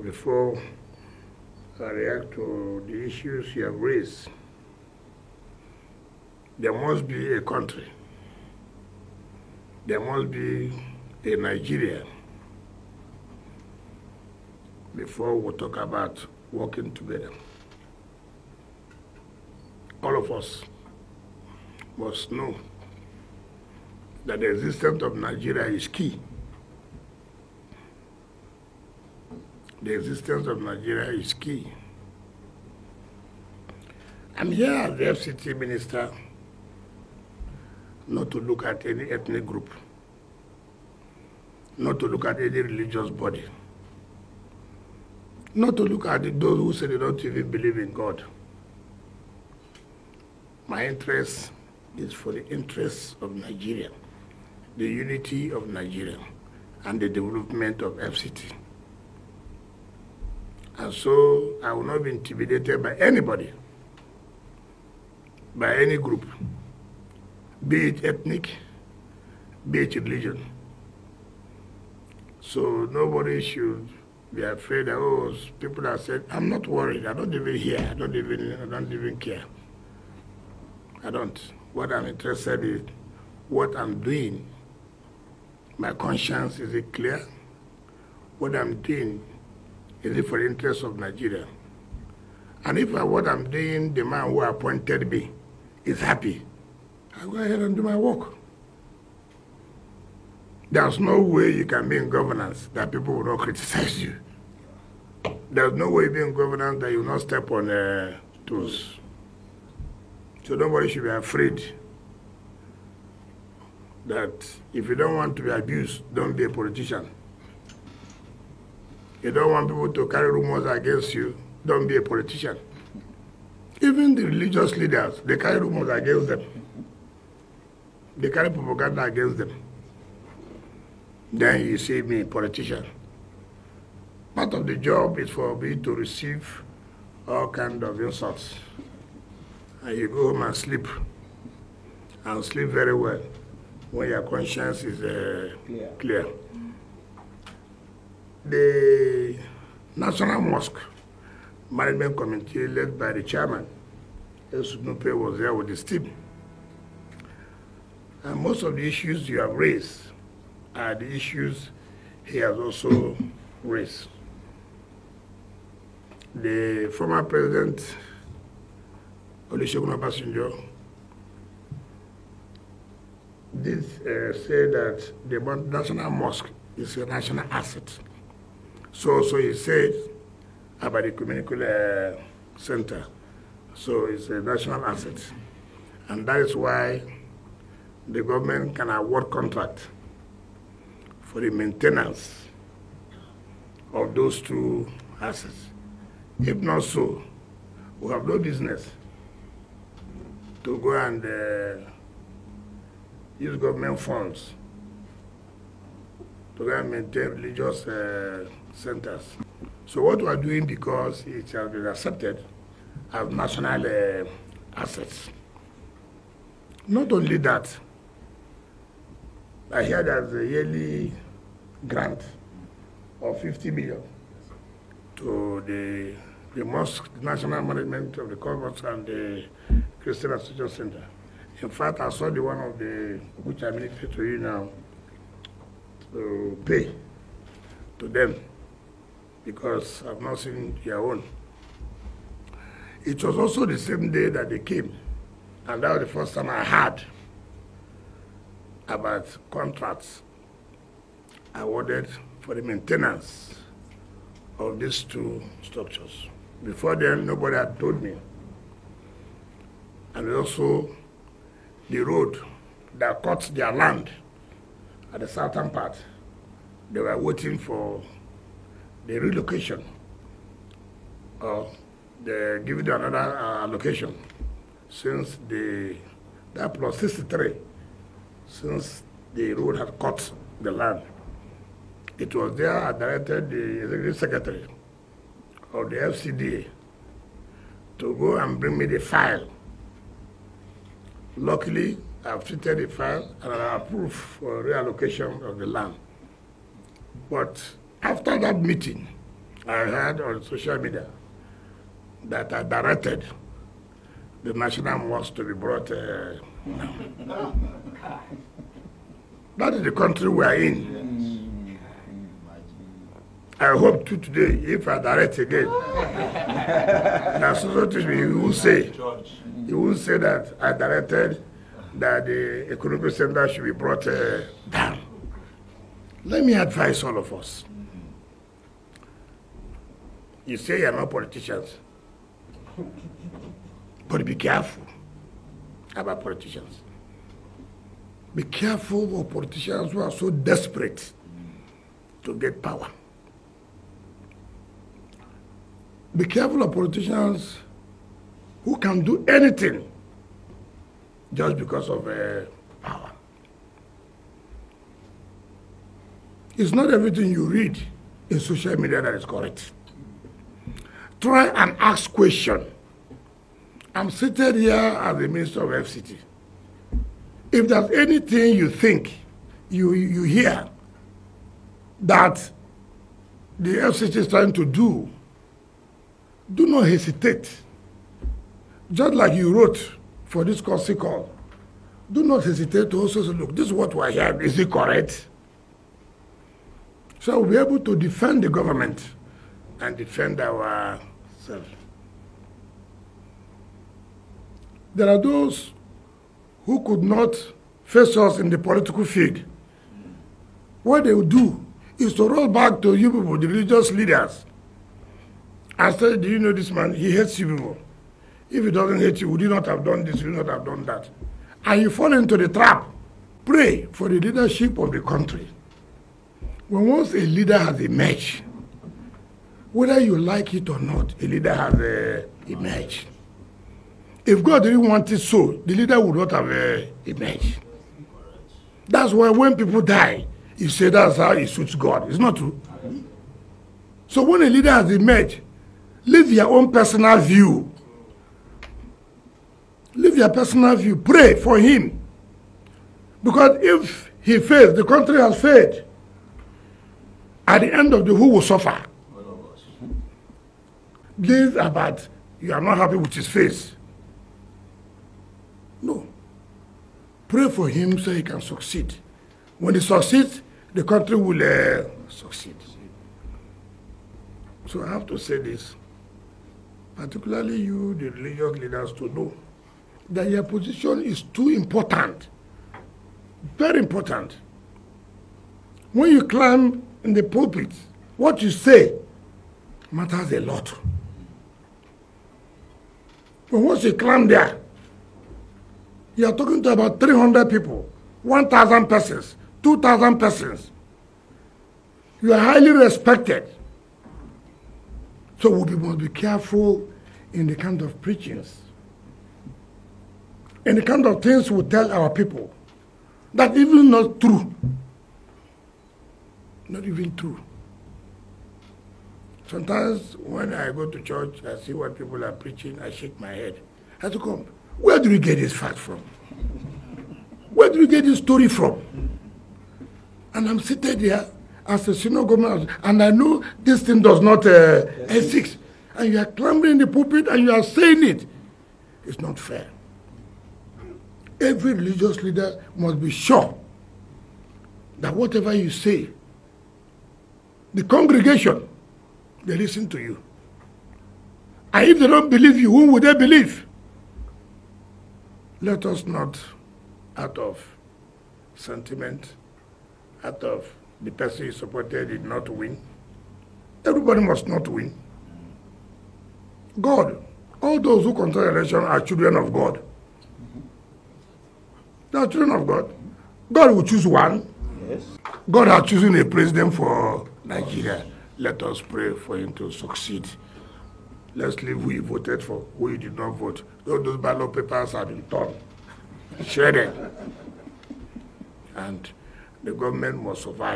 before I react to the issues you have raised. There must be a country. There must be a Nigeria before we talk about working together. All of us must know that the existence of Nigeria is key. the existence of Nigeria is key. I'm here as the FCT minister not to look at any ethnic group, not to look at any religious body, not to look at those who say they don't even believe in God. My interest is for the interests of Nigeria, the unity of Nigeria, and the development of FCT. And so I will not be intimidated by anybody, by any group, be it ethnic, be it religion. So nobody should be afraid that, oh, people have said, I'm not worried. I don't even hear. I don't even, I don't even care. I don't. What I'm interested in, what I'm doing. My conscience, is it clear? What I'm doing, is it for the interest of Nigeria? And if what I'm doing, the man who appointed me is happy, I go ahead and do my work. There's no way you can be in governance that people will not criticize you. There's no way you be in governance that you will not step on uh, toes. So nobody should be afraid that if you don't want to be abused, don't be a politician. You don't want people to carry rumors against you. Don't be a politician. Even the religious leaders, they carry rumors against them. They carry propaganda against them. Then you see me, politician. Part of the job is for me to receive all kind of insults. And you go home and sleep. And sleep very well when your conscience is uh, clear. clear. the National Mosque Management Committee led by the chairman, Esunupe, was there with his team. And most of the issues you have raised are the issues he has also raised. The former president, Olusegun Obasanjo, did uh, say that the national mosque is a national asset. So, so he said about the communal uh, center. So it's a national asset. And that is why the government can award contract for the maintenance of those two assets. If not so, we have no business to go and uh, use government funds to go and maintain religious uh, centers. So what we are doing because it has been accepted as national uh, assets. Not only that, I hear there's a yearly grant of 50 million to the, the mosque, national management of the converts and the Christian Association Center. In fact, I saw the one of the, which I'm to you now, to pay to them because I've not seen your own. It was also the same day that they came, and that was the first time I heard about contracts awarded for the maintenance of these two structures. Before then, nobody had told me. And also the road that cuts their land at the southern part. They were waiting for the relocation or they give it another uh, location, since the that plus 63 since the road had cut the land. It was there I directed the executive secretary of the FCDA to go and bring me the file. Luckily, I've treated the file and I approved for reallocation of the land. But After that meeting, I heard on social media that I directed the national mosque to be brought uh, that is the country we are in. I hope to today, if I direct again, that society will, will say, he will say that I directed that the economic center should be brought uh, down. Let me advise all of us. Mm. You say you're not politicians. But be careful about politicians. Be careful of politicians who are so desperate to get power. Be careful of politicians who can do anything just because of uh, power. It's not everything you read in social media that is correct try and ask question. I'm seated here as the Minister of FCT. If there's anything you think, you, you hear, that the FCT is trying to do, do not hesitate. Just like you wrote for this course call, do not hesitate to also say, look, this is what we're hearing. Is it correct? So we'll be able to defend the government and defend our there are those who could not face us in the political field. What they will do is to roll back to you people, the religious leaders, and say, Do you know this man? He hates you people. If he doesn't hate you, would you not have done this? Would you not have done that? And you fall into the trap. Pray for the leadership of the country. When once a leader has emerged, whether you like it or not, a leader has uh, emerged. If God didn't want it so, the leader would not have uh, emerged. That's why when people die, you say that's how it suits God. It's not true. So when a leader has emerged, live your own personal view. Live your personal view. Pray for him. Because if he fails, the country has failed. At the end of the who will suffer? This about you are not happy with his face. No. Pray for him so he can succeed. When he succeeds, the country will uh, succeed. So I have to say this, particularly you, the religious leaders, to know that your position is too important, very important. When you climb in the pulpit, what you say matters a lot. But once you climb there, you are talking to about 300 people, 1,000 persons, 2,000 persons. You are highly respected. So we must be careful in the kind of preachings and the kind of things we tell our people that even not true. Not even true. Sometimes when I go to church, I see what people are preaching, I shake my head. I say, come, where do we get this fact from? Where do we get this story from? And I'm seated there as a senior government, and I know this thing does not uh, exist. And you are clambering the pulpit and you are saying it. It's not fair. Every religious leader must be sure that whatever you say, the congregation they listen to you. And if they don't believe you, whom would they believe? Let us not, out of sentiment, out of the person you supported did not win. Everybody must not win. God, all those who control election are children of God. They are children of God. God will choose one. Yes. God has chosen a president for Nigeria. Let us pray for him to succeed. Let's leave who he voted for, who he did not vote. All those ballot papers have been torn, shredded. And the government must survive.